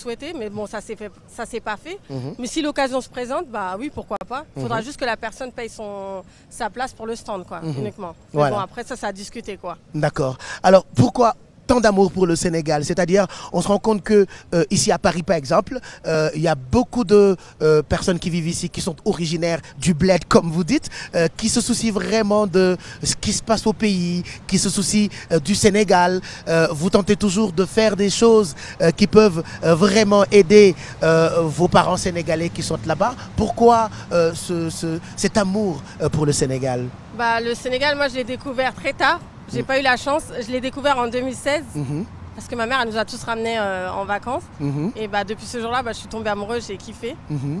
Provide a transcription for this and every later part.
souhaité, mais bon, ça ne s'est pas fait. Mhm. Mais si l'occasion se présente, oui, pourquoi pas. Il mhm. faudra juste que la personne paye sa place pour le stand, quoi, mhm. uniquement. après ça, ça discuté, quoi. D'accord. Alors, pourquoi tant d'amour pour le Sénégal c'est-à-dire on se rend compte que euh, à Paris par exemple euh, il y a beaucoup de euh, personnes qui vivent ici qui sont originaires du bled comme vous dites euh, qui se soucient vraiment de ce qui se passe au pays qui se soucient euh, du Sénégal vous tentez toujours de faire des choses qui vraiment aider vos parents sénégalais qui sont là-bas pourquoi ce ce cet amour pour le Sénégal? le Sénégal je l'ai découvert très tard J'ai pas eu la chance. Je l'ai découvert en 2016. Mmh. Parce que ma mère, elle nous a tous ramenés euh, en vacances. Mmh. Et bah, depuis ce jour-là, bah, je suis tombée amoureuse, j'ai kiffé. Mhm.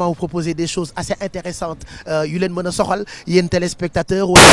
vraiment vous proposer des choses assez intéressantes euh, yu leen mën a soxal yéen téléspectateurs wala.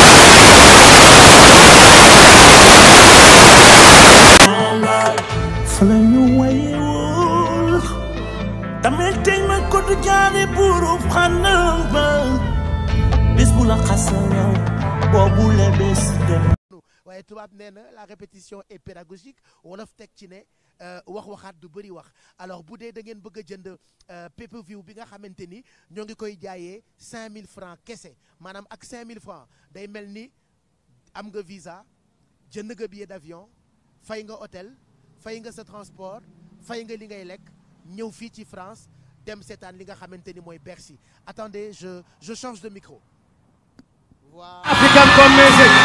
waaye tubaab nee na la répétition est pédagogique wolof teg ci ne. Euh, wax waxaat du bëri wax alors bu dee da ngeen bëgg a jënd euh, pay view bi nga xamante ni ñoo ngi koy jaayee 5000 francs kese maanaam ak 5000 francs day mel ni am nga visa jënd nga billet d'avion fay nga hôtel fay nga sa transport fay nga li ngay lekk ñëw fii ci France dem seetaan li nga xamante ni mooy Bercy attendez je je change de micro African Come Music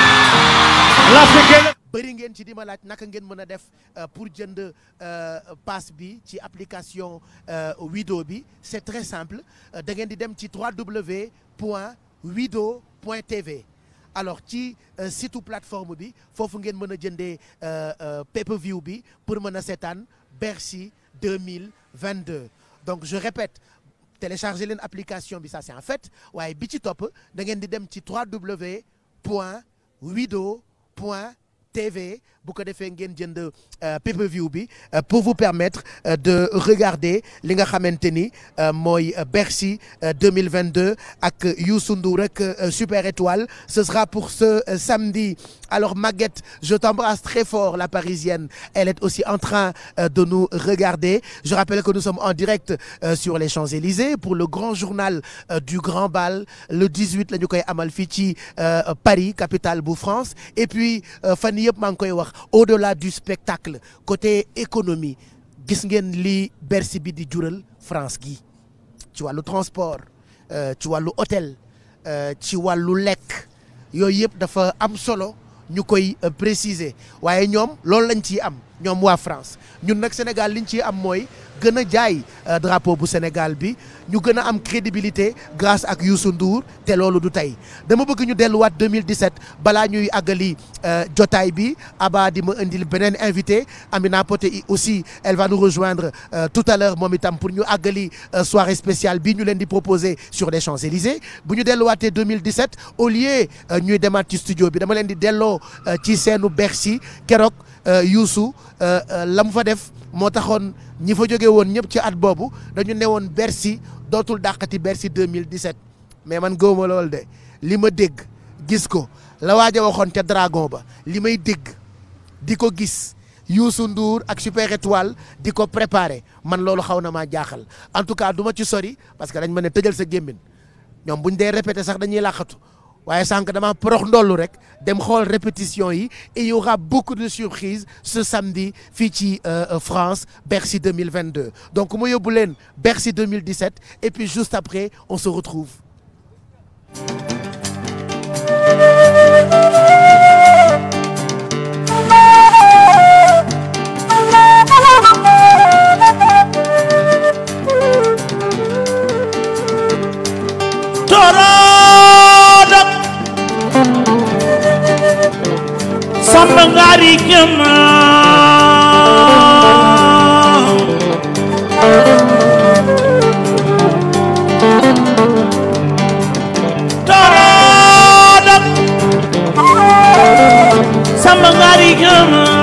l'Africaine bëri ngeen ci di ma laaj naka ngeen mën a def euh, pour jënd euh, pass bi ci application euh, Wido bi c'est très simple da ngeen di dem ci www point wido point tv alors ci site plateforme bi foofu ngeen mën a jëndee pay per bi pour mën a seetaan Bercy 2022 donc je répète télécharger leen application bi ça c'est en fait waaye bi ci topp da di dem ci 3w point wido point TV bu ko defee ngeen jënd euh, pay bi euh, pour vous permettre euh, de regarder li nga xamante ni mooy Bercy 2022 ak Youssou Ndour rek Super Étoile ce sera pour ce samedi alors Maguette je t'embrasse très fort la parisienne elle est aussi en train de nous regarder je rappelle que nous sommes en direct sur les pour le grand journal du Bal le 18 la ñu koy amal fii ci Paris capitale bu France fan yëpp maa ngi koy wax au-delà du spectacle côté économie gis ngeen li Bercy bi di jural France gi ci wàllu transport euh, ci wàllu hôtel euh, ci wàllu lekk yooyu yëpp dafa am solo ñu koy euh, préciser waaye ñoom loolu lañ ci am ñoom waa France ñun nag Sénégal li ñu ciy am mooy gën a jaay euh, drapeau bu Sénégal bi ñu gën a am crédibilité grâce ak Youssou Ndour te loolu du tey dama bëgg ñu delluwaat 2017 balaa ñuy àggali euh, jotaay bi Aba di ma indil beneen invité Amina Poté aussi elle va nous rejoindre euh, tout à l'heure moom itam pour ñu àggali soirée spéciale bi ñu leen di proposer sur les Champs-Élysées bu ñu delluwaatee 2017 au lieu ñuy demaat ci studio bi dama leen di delloo ci seenu Bercy keroog. Euh, Youssou euh, euh, la mu fa def moo taxoon ñi fa jóge woon ñëpp ci at boobu dañu ne woon Bercy dootul dàqati mille Bercy 2017 mais man gëwuma loolu de li ma dégg gis ko la waaj a waxoon ca Dragon ba li may dégg di ko gis Youssou Ndour ak Super Étoile di ko préparé man loolu xaw na maa jaaxal en tout cas duma ci sori parce que dañ ma ne tëjal sa gémmiñ ñoom buñ dee répété sax dañuy làqatu waaye sànq dama porox ndollu rek dem xool répétition yi et y aura beaucoup de surprises ce samedi fii ci euh, euh, France Bercy 2022 donc mu yóbbu leen Bercy 2017 et puis juste après on se retrouve hari jemaah Tolong sama hari jemaah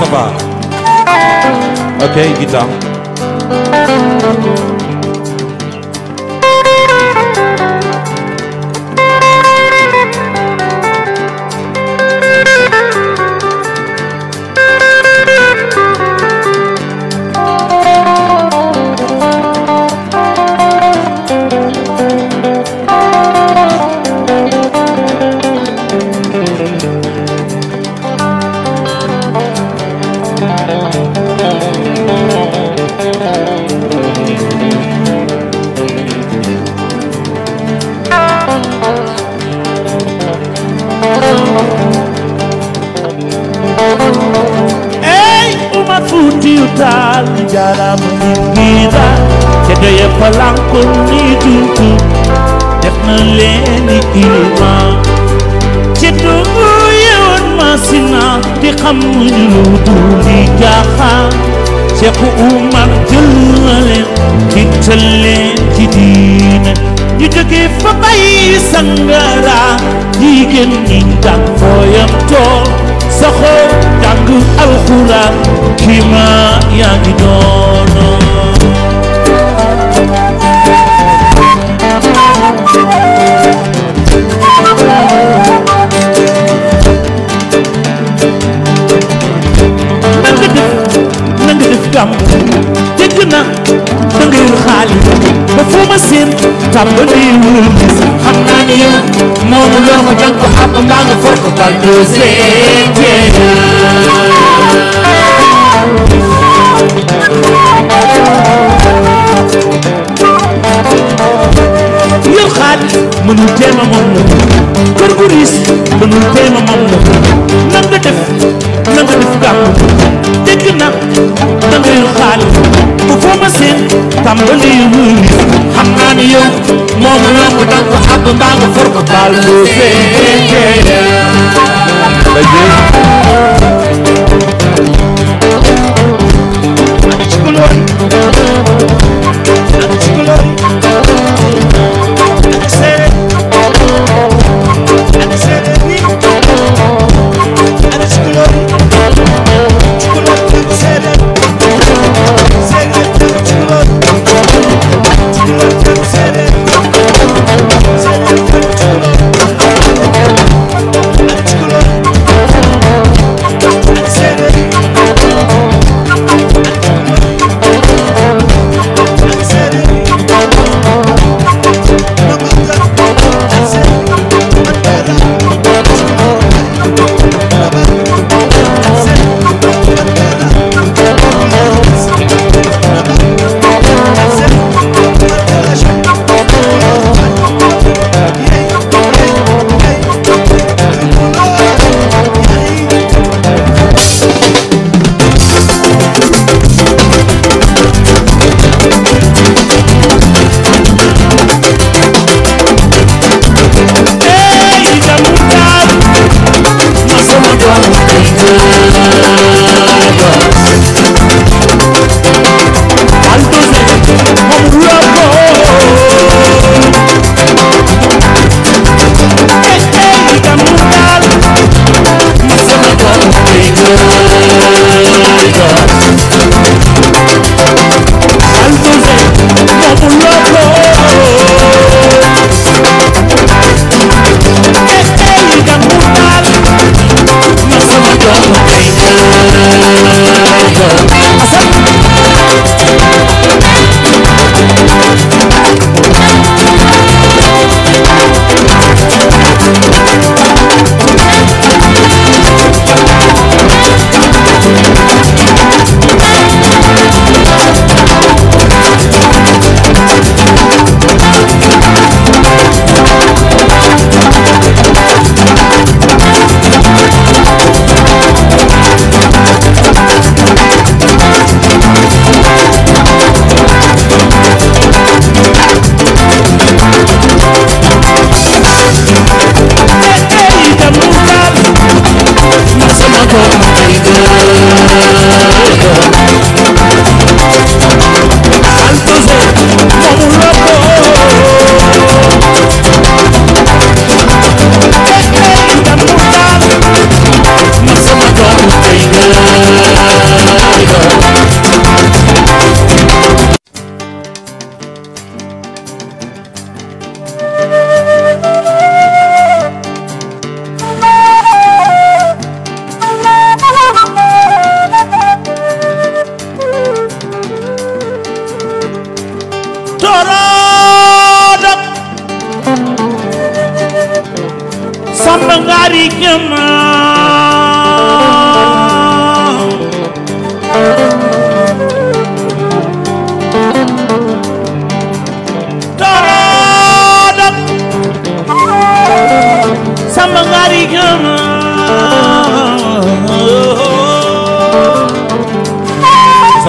Sabar Okay, kita ni jaaraama ni niira te doye palanko ni dundu def na leeni ilma ci dundu yewoon masina di xam ñu lu dul di jaaxaan Cheikh Oumar jël na leen di leen ci diine ñu jóge fa bàyyi sangara jigéen ñi fooyam tool saxoo du alxuraan kii ma yaa ngi noonu nanga def nanga def gàmm dégg na dangay xaalis ba fu ma seen tàmbaliwul xam naa ni yow moomu loo ko jàng ko xam nga nga foog ko bal deuxième jéem. yow xaalis mënul téem a moom la kër gu riis mënul téem a moom la nan nga def nan nga def gàmm dégg na da ngay xaalis. bu foo ma seen tàmbali wuri xam moom laa ko daan ko àbb mbaa nga for ko baal loo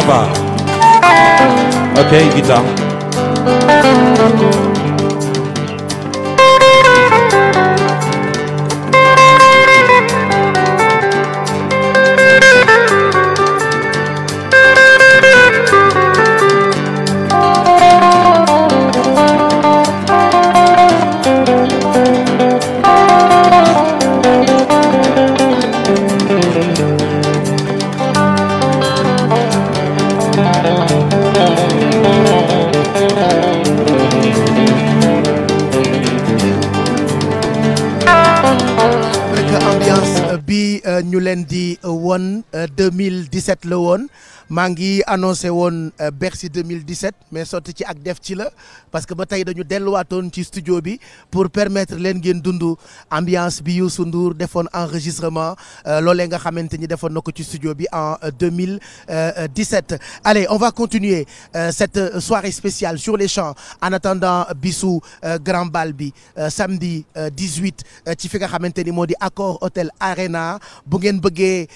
Moskowa. Okej, okay, witam. ñu leen di won 2017 euh, la woon maa ngi annoncé woon euh, Bercy 2017 mais sotti ci ak def ci la parce que ba tey dañu delluwaatoon ci studio bi pour permettre leen ngeen dund ambiance bi Youssou Ndour defoon enregistrement euh, loole nga xamante ni defoon na ko ci studio bi en 2017. Euh, allez on va continuer cette soirée spéciale sur les champs en attendant bisu grand bal bi samedi 18 ci fi nga xamante ni moo di Accor Hôtel Arena bu ngeen bëggee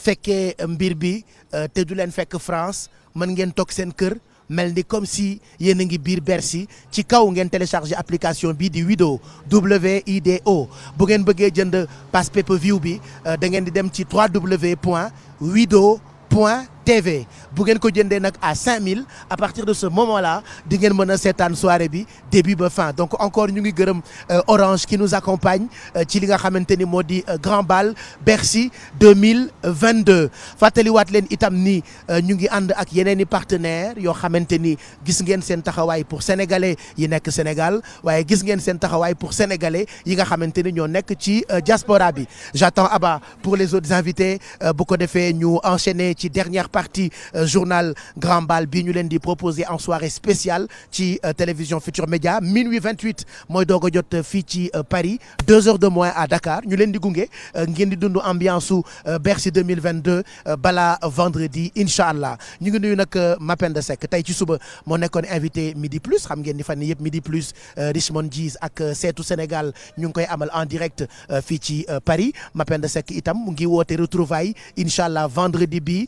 fekkee mbir bi. Euh, te du leen fekk France mën ngeen toog seen kër mel ni comme si yéen a ngi biir Bercy ci kaw ngeen téléchargé application bii di Wido Wido bu ngeen bëggee jënd pass pay view bi euh, da ngeen di dem ci 3w point wido point TV bu ngeen ko jëndee nag à mille à partir de ce moment là di ngeen mën a seetaan soirée bi début ba fin donc encore ñu ngi gërëm euh, Orange qui nous accompagne euh, ci li nga xamante ni moo di euh, Grand Bal Bercy 2022 fàttaliwaat leen itam ni ñu ngi ànd ak yeneen i partenaires yoo xamante ni gis ngeen seen taxawaay pour sénégalais yi nekk Sénégal waaye gis ngeen seen taxawaay pour sénégalais yi nga xamante ni ñoo nekk ci diaspora bi j'attends Abba pour les autres invités bu ko defee ñu enchaîner ci dernière partie euh, journal Grand Bal bi ñu leen di proposer en soirée spéciale ci euh, télévision Futur Média minuit 28 mooy doog jot euh, fii ci Paris deux heures de moins à Dakar ñu leen di gunge ngeen di dund ambiance su Bercy 2022 bala vendredi incha allah ñu ngi nuyu nag Mapenda Seck tey ci suba moo nekkoon invité midi plus xam ngeen ni fan yëpp midi plus Richmond Gis ak seetu Sénégal ñu ngi koy amal en direct fii ci Paris Mapenda Seck itam mu ngi woote retrouvailles incha allah vendredi bi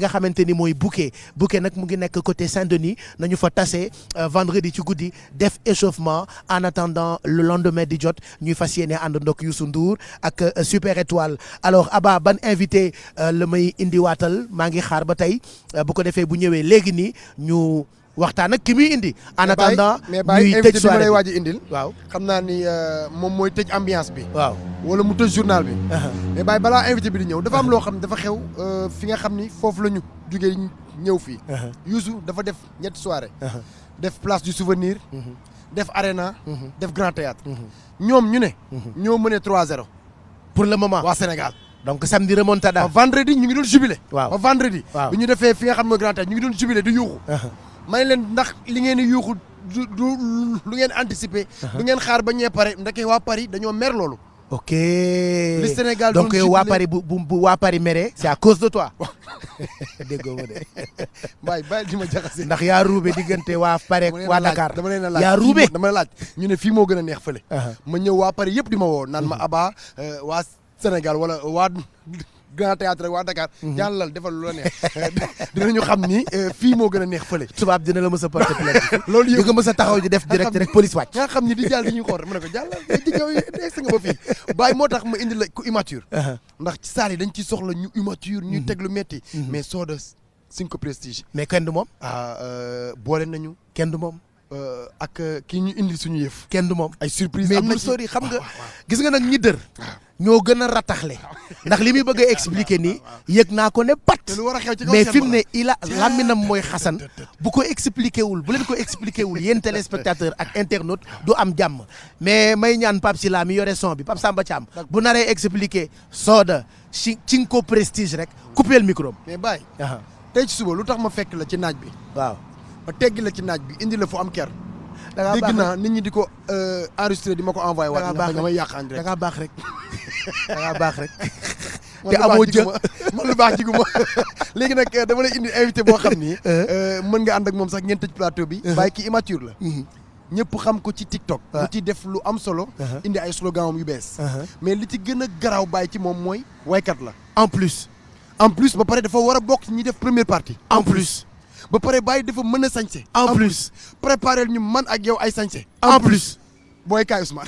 nga xamante ni mooy Bouquet Bouquet nag mu ngi nekk côté Saint-Denis ñu fa tase euh, vendredi ci guddi def échauffement en attendant le lendemain di jot ñuy fas yéene ànd ndok Youssou Ndour ak euh, Super Étoile alors Abba ban invité euh, la may indiwaatal maa ngi xaar ba tey bu ko defee bu ñëwee léegi nii ñu waxtaan ak ki muy indi. en attendant ñuy tëj soirée mais Baye invité bi ma a waaw xam naa ni euh, moom mooy tëj ambiance bi. waaw wala mu tëj journal bi. Uh-huh. mais Baye balaa invité bi di ñëw dafa am loo xam ne dafa xew euh, fi nga xam ni foofu la ñu jugee ñëw fii. Uh-huh. Youssou dafa def ñett soirée. Uh-huh. def place du souvenir. def arena. def grand théâtre ñoom ñu ne. ñoo mënee 3-0. pour le moment waa Sénégal. donc samedi remontada. ba vendredi ñu ngi doon jubilé. waaw ba vendredi. ñu defee fi nga xam mooy grand théâtre ñu ngi doon jubilé di yuuxu. may leen ndax li ngeen di yuuxu du lu ngeen anticiper. lu uh-huh. ngeen xaar ba ñee pare ndeke waa pari dañoo mer loolu. ok li Sénégal donc waa pari bu bu waa pari mere. c'est à cause de toi. déggoo ma de. mbaay bàyyi di ma jaxase. ndax yaa ruube diggante waa Paris waa Dakar. dama leen a laaj yaa ruube dama leen laaj ñu ne fii moo gën a neex fële. Uh-huh. ma ñëw waa Paris yëpp di ma woo naan ma uh-huh. Aba euh, waa Sénégal wala waa. grand théâtre ak waa Dakar jàllal defal lu la neex dinañu xam ni euh, fii moo gën a neex fële tubaab dina la mës a porter plainte loolu yëpp nga mës a taxaw ji def direct rek police wàcc nga xam ni di jàll di ñuy xool ma ne ko jàllal di yow ex nga ba fii bàyyi moo tax ma indi la ku immature uh-huh. ndax ci yi dañ ciy soxla ñu immature ñu mm-hmm. teg lu metti mm-hmm. mais soo de Cinco Prestige mais kenn du moom ah euh, boole nañu kenn du moom Euh, ak euh, kii ñu indi suñu yëf. kenn du moom ay surprise am na ci mais xam nga ah, gis nga nag ñi dër. Ah. ñoo gën a rattaxle ah. ndax li muy bëgg a expliquer nii yëg naa ko ne pat mais fi mu ne ila làmminam mooy xasan bu ko expliquer wul bu leen ko expliquer wul yéen téléspectateur ak internaute du am jàmm mais may ñaan Pape Sila mi yore son bi Pape Samba Thiam bu naree expliquer sooda ci ci ko prestige rek couper le micro mais Baye tey ci suba lu tax ma fekk la ci naaj bi waaw teggi la ci naaj bi indi la fu am ker. da ngaa baax naa nit ñi di ko euh, enregistré di ma ko envoyé. da ngaa baax rek da ngaa baax rek da baax rek. te amoo jë man lu baax jiguma léegi nag euh, dama lay indi invité boo xam ni. Eh? Euh, mën nga ànd ak moom sax ngeen tëj plateau bi. bàyyi eh? ki immature la. Mm-hmm. ñëpp xam ko ci TikTok. Ah. mu ci def lu am solo. Uh-huh. indi ay slogan yu bees. Uh-huh. mais li ci gën a garaaw bàyyi ci moom mooy. waykat la en plus. en plus ba pare dafa war a bokk ñi def première partie. en plus. ba pare bàyyi dafa mën a sañse en plus préparé ñu man ak yow ay sañse en plus booy kaay Ousmane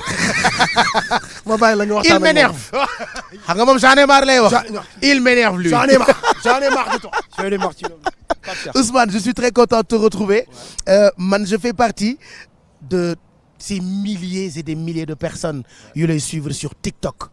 ma bàyyi la nga waxtaan il m'énerve xam nga moom j'en ai lay wax il m'énerve lui j'en ai marre j'en ai marre de toi j'en ai marre ci loolu Ousmane je suis très content de te retrouver euh, man je fais partie de ces milliers et des milliers de personnes yu lay suivre sur TikTok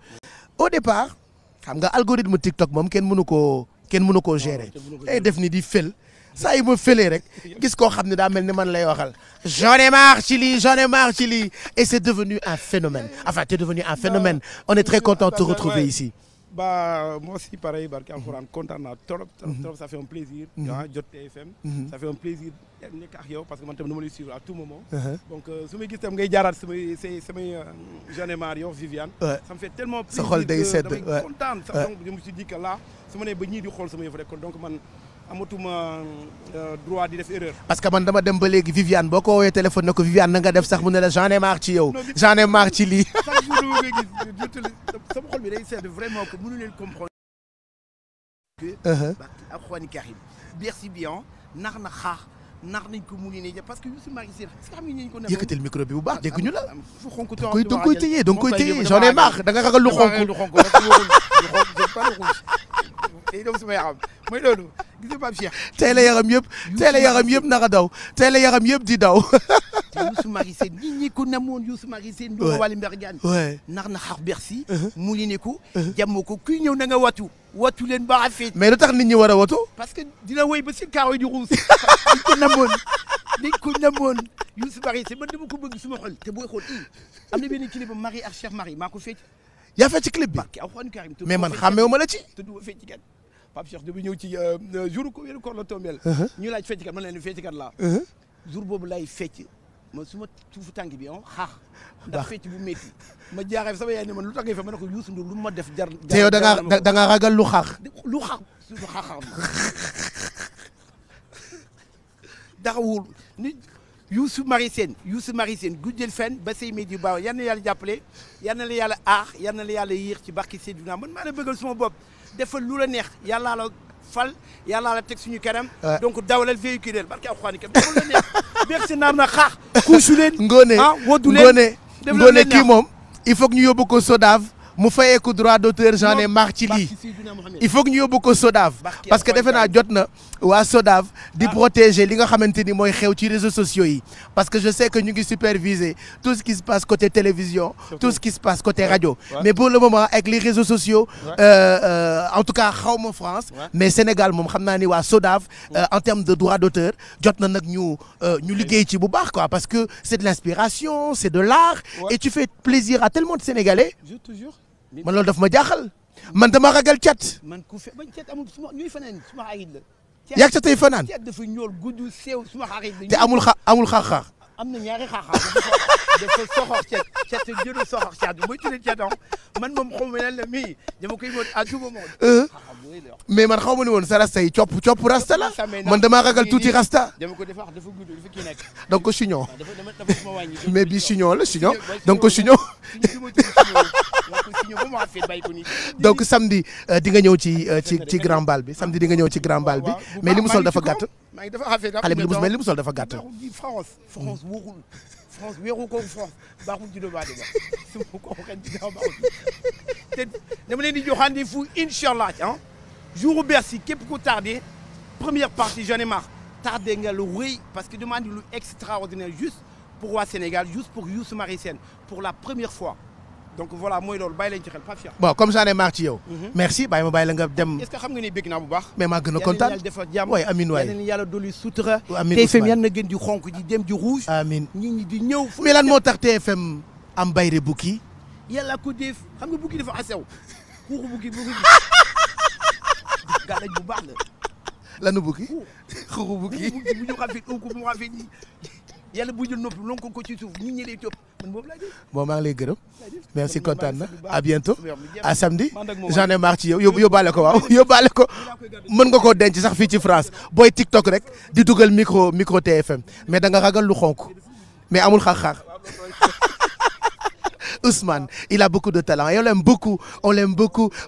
au départ xam nga algorithme TikTok moom kenn mënu koo kenn mënu koo gérer ay ah, def ni di fël saa yi ma fëlee rek gis koo xam ne daa mel ni man lay waxal j'en ai marre ci lii j'en ai marre ci lii et c'est devenu un phénomène enfin c'est devenu un phénomène on est très content de te retrouver ici ba moi jot mhm. TFM mhm. ça fait un plaisir mhm. ah, yow parce que man tam dama lay suivre a tout moment uh-huh. donc euh, su may gis tam ngay jaaraat samay say samay euh, Jeanne Marie yow Viviane ça me ma nee ba ñii di xool sama yëf rek donc man amatuma euh, droit di def erreur. parce que man dama dem ba léegi Viviane boo ko woowee téléphone na ko Viviane na nga def sax mu ne la j'en ai marre ci yow. j'en ai marre ci lii. chaque jour dama koy gis sama xol bi day leen comprendre. que. Uh-huh. ak Alxuraan Karim. merci bien nax na nax nañ ko mu ngi nii parce que Youssou Mbaye Sir est-ce que ñu la koy téye da nga koy téye j'en ai marre da nga ragal lu xonk lu xonk day dem sama yaram mooy loolu gis nga Pape Cheikh tey la yaram yëpp yëpp naka daw tey la yaram yëpp di daw Youssou Mbaye Sène nit ñi ko namoon Youssou Mbaye Sène do wali mbergan nax na xar Bercy mu ngi ne ko jàmm ko kuy ñëw na nga watu watu leen ba affaire mais lu tax nit ñi war a watu. parce que dina wéy ba si kaaw di ruus. dañ ko namoon dañ ko namoon Youssou Bari si man dama ko bëgg suma xol te booy xool am na benn clip ak Cheikh Marie maa ko fecc. yaa fecc clip man xàmmeewu ma la ci. te du ma fecc kat Pape Cheikh dama ñëw ci euh, euh, jour ko wéru la tombeel uh-huh. ñu laaj fecc kat man leen fecc kat laa. Uh-huh. jour boobu ma su ma suufu tànk bi on ah, xaax. ndax fecc bu métti. ma jaaxee sama yaay ne man lu tax ngay fa ma ne ko Youssou Ndour lu ma def jar. jar te yow da ngaa da ngaa lu xaax. lu xaax suufu xaaxam ma. daxawul nit Youssou Marie Sène Youssou Marie Sène guddeel fenn ba sey métti yu baax yan la yàlla jàppale yan la yàlla aax yan la yàlla yéex ci barke Seydina man maa la bëggal suma bopp. defal lu la neex yàllaa la fal yàllaa la teg suñu kanam. Ah. donc dawalal véhiculé barke alxuraan yi defal la neex. beeg si na xaax. kuusu leen. ah woddu leen ngoone ngoone kii moom il faut ñu yóbbu ko Sodav. mu fayeeku droit d'auteur j'en ai marre ci lii il faut que ñu yóbbu ko SODAV parce que defe naa jot na waa SODAV di ah. protéger li nga xamante ni mooy xew ci réseaux sociaux yi parce que je sais que ñu ngi superviser tout ce qui se passe côté télévision tout ce qui se passe côté radio mais pour le moment avec les réseaux sociaux euh, euh, en tout cas xaw ma France mais Sénégal moom xam naa ni waa SODAV euh, en termes de droit d'auteur jot na nag ñu ñu liggéey ci bu baax quoi parce que c'est de l'inspiration c'est de l'art et tu fais plaisir à tellement de man loolu daf ma jaaxal man dama ragal cat. man ku fe man amul su ma ñuy fanaan su ma xarit la. yaa ca tey fanaan. cat dafa ñool gudd sew su ma xarit la. te amul xa amul xaax am na ñaari xaaxaam dafa soxor cet cet jëru soxor cet bi muy tuddee cet man moom xaw ma ne la mii dama koy mot à tout euh, mais man xaw ma ne woon sa rasta yi copp copp rasta la man damaa ragal tuuti rasta. dama ko dafa wax dafa gudd dafa kii nekk. donc ko chignon mais bi chignon la chignon donc ko chignon. donc samedi euh, di nga ñëw ci euh, ci ci grand bal bi samedi di nga ñëw ci grand bal bi mais ni mu sol dafa gàtt. maa ngi dafa affaire dafa xale bi li mu mel li mu sol dafa gàtt. France France wóorul France wéeru ko France baaxul judo baa di ba su ma ko waxee ginnaaw baaxul te leen di jox rendez-vous incha allah ah jour Bercy képp ku tardé première partie j'en ai marre tardé nga lu rëy parce que demande lu extraordinaire juste pour waa Sénégal juste pour Youssou Marie Sène pour la première fois. donc voilà mooy loolu bàyyi leen ci xel pas fier bon comme ça ne maax ci yow mhm. merci ma bàyyi nga dem est-ce baax mais maa gën a kontaan yàlla defal jàmm waay amin waay yàlla yàlla dolli sutura TFM yal na gën di xonk di dem di rouge amin nit ñi di ñëw mais lan moo tax TFM am bayre bukki yàlla ko def xam nga bukki dafa bukki bukki gàllañ bu baax la lanu bukki xuuxu bukki bu ñu xam ko ci suuf ñu ñëlee topp moom maa ngi lay gërëm merci kontaan na à bientôt à samedi j'en ai marre ci yow yóbbaale ko waaw yóbbaale ko mën nga koo denc sax fii ci France booy TikTok rek di dugal micro micro TFM mais da nga ragal lu xonk mais amul xar-xar Ousmane il a beaucoup de talent et on l'aime beaucoup on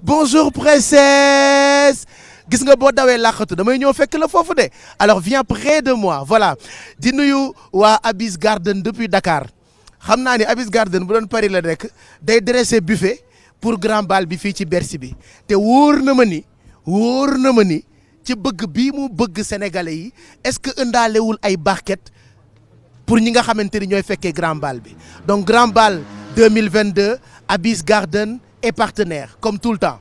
bonjour princesse gis nga boo dawee làqatu damay ñëw fekk la foofu de alors viens près de moi voilà di nuyu wa Abis Garden depuis Dakar xam naa ni Abis Garden bu doon Paris la rek day dressé buffet pour grand bal bi fii ci Bercy bi te wóor na ma ni wóor na ma ni ci bëgg bi mu bëgg sénégalais yi est-ce que ëndaalewul ay barquette pour ñi nga xamante ni ñooy fekkee grand bal bi donc grand bal 2022 Abis Garden et partenaire comme tout le temps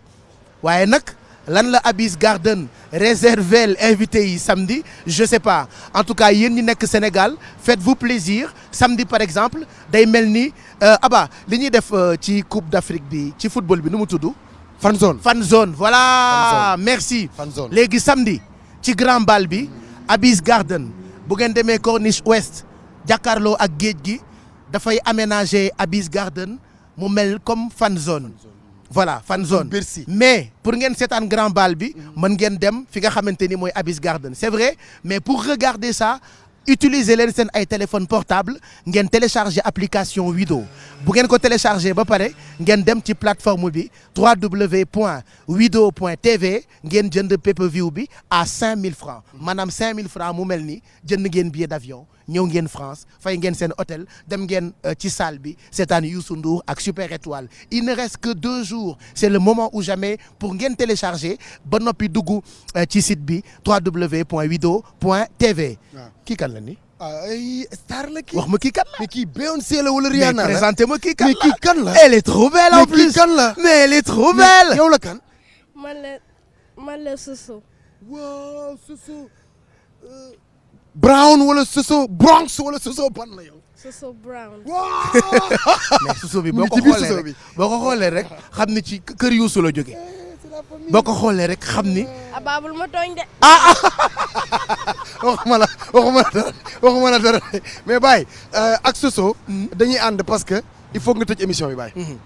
waaye nag. lan la Abyss Garden réservel invité yi samedi je sais en tout cas yéen ñi nekk Sénégal faites-vous plaisir samedi par exemple day mel ni euh, Aba li ñuy def euh, ci Coupe d'Afrique bi ci football bi nu mu tudd. fan zone fan zone voilà. Fanzone. merci fan léegi samedi ci grand bal bi Abyss Garden bu ngeen demee corniche ouest jàkkaarloo ak géej gi dafay aménager Abyss Garden mu mel comme fan zone. voilà fan zone Bercy mais pour ngeen seetaan grand bal bi man ngeen dem fi nga xamante ni mooy Abyss Garden c'est vrai mais pour regarder ça utiliser leen seen ay téléphone portable ngeen télécharger application Wido bu ngeen ko télécharger ba pare ngeen dem ci plateforme bi www.wido.tv ngeen jënd pay-per-view bi à 5000 francs maanaam 5000 francs mu mel ni jënd ngeen billet d'avion ñëw ngeen France fay ngeen seen hôtel dem ngeen euh, ci salle bi seetaan Youssou Ndour ak Super Étoile il ne reste que deux jours c'est le moment ou jamais pour ngeen télécharger ba noppi dugg euh, ci site bi www.wido.tv ah. kii kan la ni ah, ay star la kii wax ma kii kan la mais kii la wala ma kii kan la mais kii kan la elle est trop belle en plus mais kii la mais elle est trop belle yow la kan man la man la euh, brown wala soso bronx wala soso ban la yow. soso brown. mais soso bi boo ko xoolee rek boo ko xoolee rek xam ni ci kër Youssou la jógee. boo ko xoolee rek xam ni. abaabul ah, ma tooñ de. ah, ah. waxuma la waxuma la dara la dara mais Baye euh, ak soso. Hmm. dañuy ànd parce que il faut nga tëj émission bi Baye. Hmm.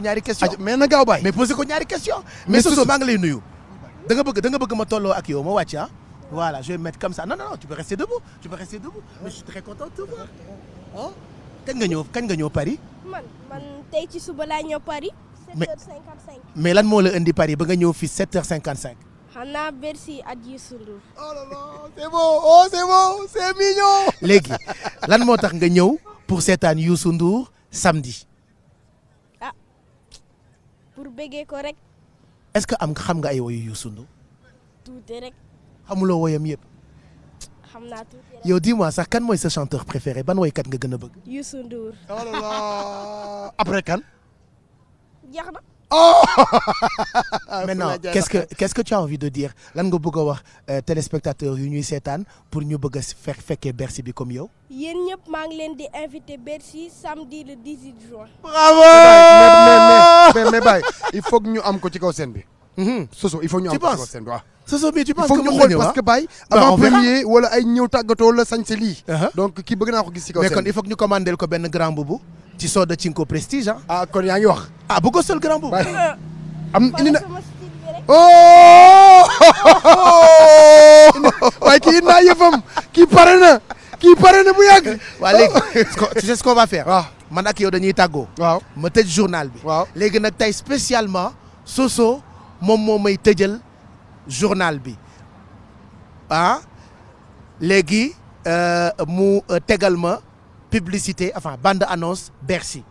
ñaari question mais na gaaw Baye mais poser ko ñaari question mais soso maa ngi lay nuyu. danga nga bëgg da bëgg ma tolloo ak yow ma wàcc ah. Voilà, je vais me mettre comme ça. Non, non, non, kañ nga ñëw kañ nga ñëw Paris. man tey ci suba laa ñëw Paris. mais lan moo la indi Paris ba nga ñëw fii 7h55. xanaa Bercy ak Youssou Ndour. oh là là c'est beau oh, léegi lan moo tax nga ñëw pour seetaan Youssou Ndour samedi. ah pour bëggee ko rek. est-ce que am xam nga ay woyu Youssou Ndour. tuuti rek. xamuloo woyam yëpp. xam naa tuuti yow dis-moi sax kan mooy sa chanteur préféré ban kat nga gën a bëgg. Youssou Ndour. oh là là après kan. jeex na. oh. maintenant qu'est-ce que quest que tu as envie de dire lan nga bëgg a wax téléspectateurs yu ñuy seetaan pour ñu bëgg a fekk fekkee Bercy bi comme yow. yéen ñëpp maa ngi leen di invité Bercy samedi le 18 juin. bravo mais mais mais il faut ñu am ko ci kaw scène bi. soso il faut ñu am ko ci kaw scène bi c'est ça mais tu penses que ah? wala ay ñëw tàggatoo la sañ sa lii. Uh-huh. donc kii bëgg naa ko gis ci kaw. mais kon il faut ñu commandel ko benn grand boubou. ci Soda Cinco Prestige ah. ah kon yaa ngi wax. ah bu ko sol grand boubou. Euh, am indi na. Oh! waaye kii indi naa ki kii pare na kii pare na bu yàgg. waaw léegi tu sais ce qu'on va faire. Ah. man ak yow dañuy tàggoo. waaw ma tëj journal bi. waaw léegi nag tey spécialement Soso moom moo may tëjal. journal bi ah léegi euh, mu euh, tegal ma publicité enfin bande annonce Bercy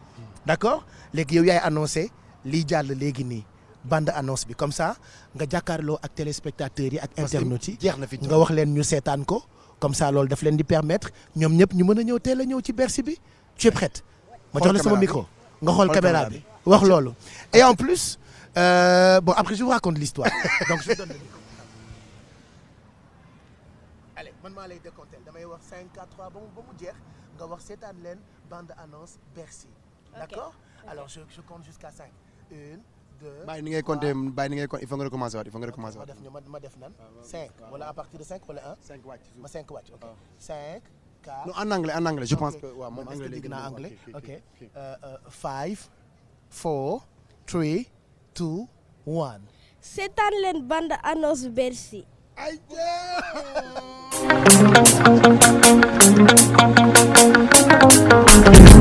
d'accord léegi yow yaay annoncé lii jàll léegi nii bande annonce bi comme ça nga jàkkaarloo ak téléspectateurs yi ak internautes yi jeex na fi nga wax leen ñu seetaan ko comme ça loolu daf leen di permettre ñoom ñëpp ñu mën a ñëw teel a ñëw ci Bercy bi tu es prête ma jox la sama micro nga xool caméra bi wax loolu et en plus Euh, bon, après, je vous raconte l'histoire. Donc, je donne le micro. Allez, man maa lay décompter damay wax 5 4 3 mu ba mu jeex nga wax seetaan leen bande annonce Bercy. d'accord alors je je compte jusqu'à 5. 1 2 bàyyi ni ngay compter bàyyi ni ngay compter il faut nga recommencer waat il faut nga recommencer waat. ma def nan 5 ah, ah, wala à partir de 5 wala 1. 5 wàcc ma 5 wàcc ok quatre non en anglais en anglais je pense que waaw moom anglais dégg naa anglais ok 5 4 3 two, one. seetaan leen bande annonce Bercy. ayca.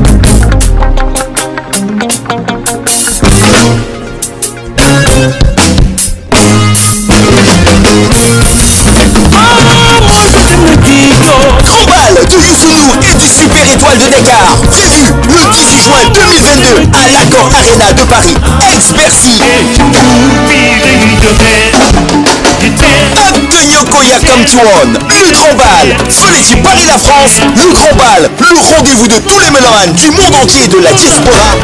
l'Accor Arena de Paris. Ex-Bercy. Nyoko Yakam Tuan, le grand bal, Soleil Paris la France, le grand bal, le rendez-vous de tous les mélomanes du monde entier de la diaspora.